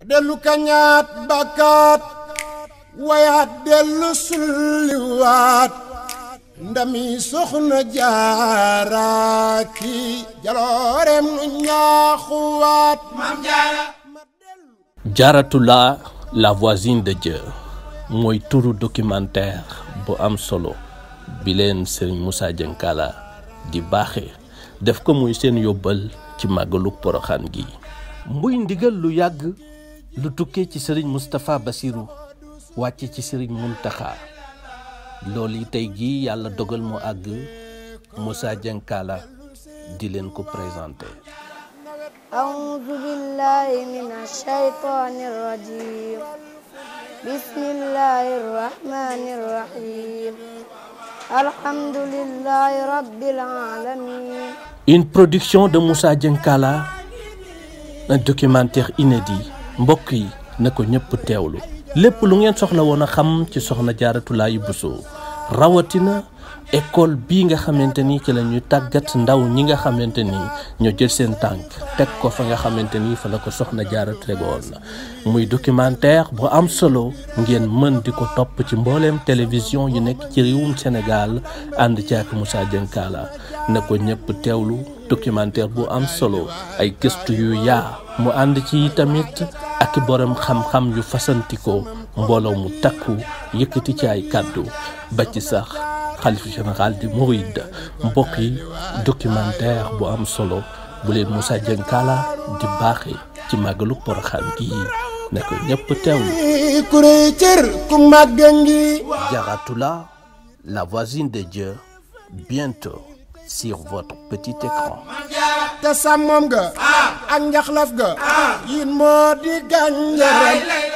dellu kañaat bakkaat wayaat dellu sulliwaat ndami soxna jaaraaki jaloorem nu ñaaxuwaat jaaratulaa la voisine de mooy turu documentaire bu am solo bi leen Serigne Moussa Diankala di baaxe def ko muy seen yóbbal ci màggalu poroxaan gi muy ndigal lu yàgg lu tukkee ci sëriñ Moustapha Bassirou wàcce ci sëriñ Mountakha loolu tey jii yàlla dogal mu àgg Moussa Diankala di leen ko présenté أعوذ بالله من الشيطان الرجيم بسم الله الرحمن الرحيم الحمد لله رب Une production de Moussa Diankala, un documentaire inédit mbokk yi ne ko ñëpp teewlu lépp lu ngeen soxla woon a xam ci soxna jaaratulaayu Bousso rawatina école bii nga xamante ni ci la ñuy tàggat ndaw ñi nga xamante ni ñoo jël seen tànk teg ko fa nga xamante ni fa la ko soxna jaara tegoon muy documentaire bu am solo ngeen mën di ko topp ci mbooleem télévision yu nekk ci réewum Sénégal ànd ci ak Moussa Diankala na ko ñëpp teewlu documentaire bu am solo ay gëstu yu yaa mu ànd ci tamit ak borom xamxam yu fasantikoo mbooloo mu takku yëkkati ci ay kàddu ba ci sax xalifu général di Mouride mbokk yi bu am solo bu leen Moussa Dieng Kala di baax ci màggalu Porokhane gi ne ko ñëpp teewlu. kuréel cër ku màgg ngi. Jaratula la voisine de Dieu bientôt. sur votre petit écran te ga ak njaxlaf ga ah. yin moo di gànjaram